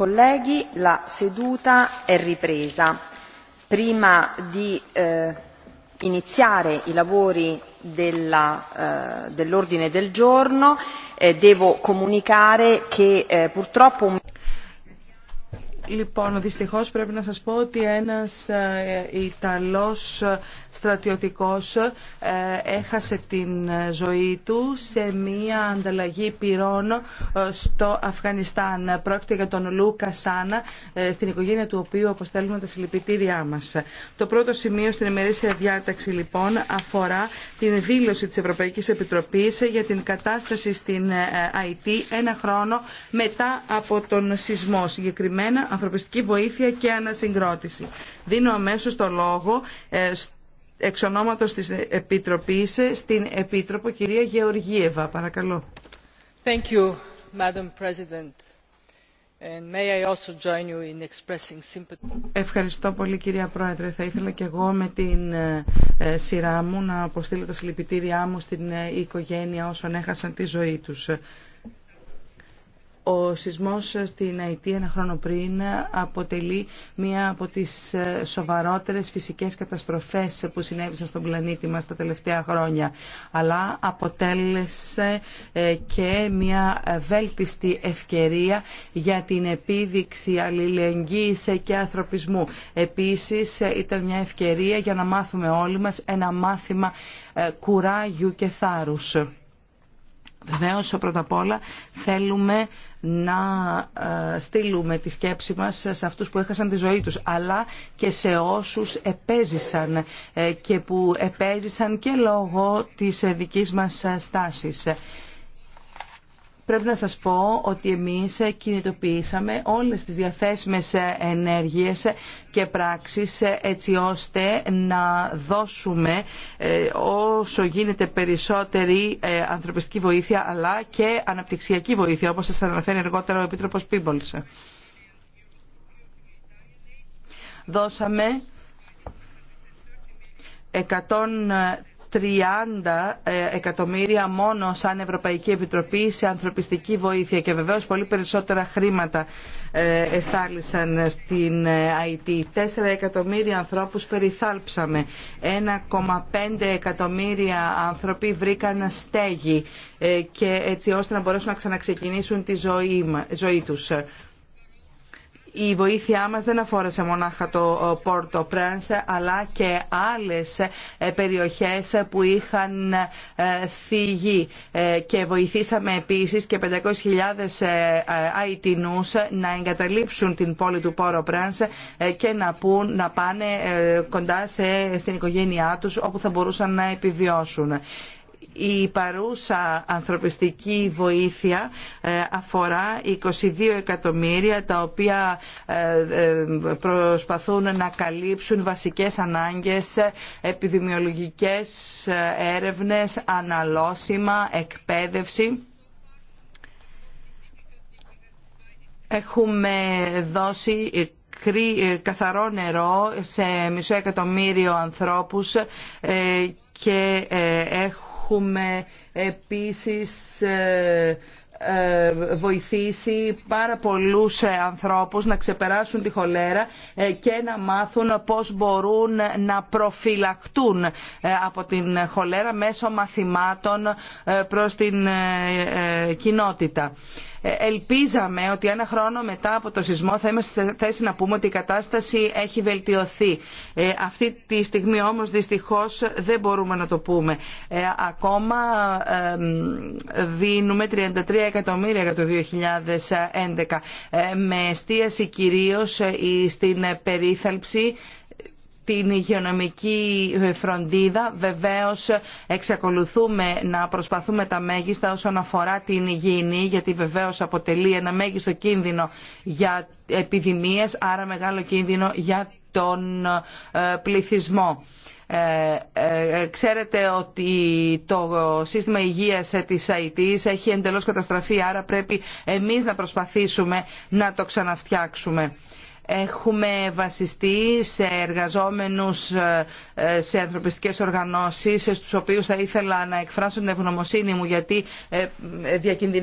colleghi, la seduta è ripresa. Prima di iniziare i lavori dell'ordine del giorno devo comunicare che purtroppo Λοιπόν, δυστυχώς πρέπει να σας πω ότι ένας ε, Ιταλός στρατιωτικός ε, έχασε την ζωή του σε μία ανταλλαγή πυρών ε, στο Αφγανιστάν. Πρόκειται για τον Λούκα Σάνα, στην οικογένεια του οποίου αποστέλουμε τα συλληπιτήριά μας. Το πρώτο σημείο στην ημερήσια διάταξη λοιπόν αφορά την δήλωση της Ευρωπαϊκής Επιτροπής για την κατάσταση στην ΑΙΤ ένα χρόνο μετά από τον σεισμό. Συγκεκριμένα ανθρωπιστική βοήθεια και ανασυγκρότηση. Δίνω αμέσως το λόγο ε, εξ ονόματος της Επιτροπής ε, στην Επίτροπο κυρία Γεωργίευα. Παρακαλώ. Thank you, Madam President. And may I also join you in expressing sympathy. Ευχαριστώ πολύ κυρία Πρόεδρε. Θα ήθελα και εγώ με την ε, σειρά μου να αποστείλω τα συλληπιτήριά μου στην οικογένεια όσων έχασαν τη ζωή τους. Ο σεισμός στην Αιτία ένα χρόνο πριν αποτελεί μία από τις ε, σοβαρότερες φυσικές καταστροφές που συνέβησαν στον πλανήτη μας τα τελευταία χρόνια. Αλλά αποτέλεσε ε, και μία βέλτιστη ευκαιρία για την επίδειξη αλληλεγγύης και ανθρωπισμού. Επίσης ε, ήταν μια ευκαιρία για να μάθουμε όλοι μας ένα μάθημα κουράγιου και θάρρους. Βεβαίω, πρώτα απ' όλα θέλουμε να ε, στείλουμε τη σκέψη μας σε αυτούς που έχασαν τη ζωή τους, αλλά και σε όσους επέζησαν ε, και που επέζησαν και λόγω της ε, δικής μας στάσης πρέπει να σας πω ότι εμείς κινητοποιήσαμε όλες τις διαθέσιμες ενέργειες και πράξεις έτσι ώστε να δώσουμε ε, όσο γίνεται περισσότερη ε, ανθρωπιστική βοήθεια αλλά και αναπτυξιακή βοήθεια όπως σας αναφέρει αργότερα ο Επίτροπος Πίμπολς. Δώσαμε 130 30 ε, εκατομμύρια μόνο σαν Ευρωπαϊκή Επιτροπή σε ανθρωπιστική βοήθεια και βεβαίως πολύ περισσότερα χρήματα ε, εστάλησαν στην IT. Ε, 4 εκατομμύρια ανθρώπους περιθάλψαμε. 1,5 εκατομμύρια άνθρωποι βρήκαν στέγη και έτσι ώστε να μπορέσουν να ξαναξεκινήσουν τη ζωή, ζωή τους η βοήθειά μας δεν αφόρασε μονάχα το Πόρτο ε, Πρένς, αλλά και άλλες ε, περιοχές που είχαν ε, θυγεί και βοηθήσαμε επίσης και 500.000 Αιτινούς να εγκαταλείψουν την πόλη του Πόρο Πρένς και να, πούν, να πάνε κοντά σε, στην οικογένειά τους όπου θα μπορούσαν να επιβιώσουν η παρούσα ανθρωπιστική βοήθεια ε, αφορά 22 εκατομμύρια τα οποία ε, ε, προσπαθούν να καλύψουν βασικές ανάγκες επιδημιολογικές έρευνες, αναλώσιμα, εκπαίδευση. Έχουμε δώσει καθαρό νερό σε μισό εκατομμύριο ανθρώπους και έχουμε Έχουμε επίσης ε, ε, βοηθήσει πάρα πολλούς ε, ανθρώπους να ξεπεράσουν τη χολέρα και να μάθουν πώς μπορούν να προφυλακτούν από την χολέρα μέσω μαθημάτων προς την κοινότητα. Ε, ελπίζαμε ότι ένα χρόνο μετά από το σεισμό θα είμαστε σε θέση να πούμε ότι η κατάσταση έχει βελτιωθεί. Ε, αυτή τη στιγμή όμως δυστυχώς δεν μπορούμε να το πούμε. Ε, ακόμα δίνουμε 33 εκατομμύρια για το 2011 με εστίαση κυρίως στην περίθαλψη την υγειονομική φροντίδα. Βεβαίως εξακολουθούμε να προσπαθούμε τα μέγιστα όσον αφορά την υγιεινή, γιατί βεβαίως αποτελεί ένα μέγιστο κίνδυνο για επιδημίες, άρα μεγάλο κίνδυνο για τον ε, πληθυσμό. Ε, ε, ξέρετε ότι το σύστημα υγείας της ΑΙΤΙΣ έχει εντελώς καταστραφεί, άρα πρέπει εμείς να προσπαθήσουμε να το ξαναφτιάξουμε. Έχουμε βασιστεί σε εργαζόμενους ε, ε, σε ανθρωπιστικές οργανώσεις στους οποίους θα ήθελα να εκφράσω την ευγνωμοσύνη μου γιατί ε, διακινδυνεύουν